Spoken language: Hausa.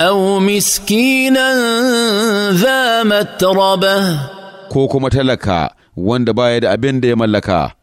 أو مسكينا ذا متربة ko kuma talaka wanda baya da abin da ya mallaka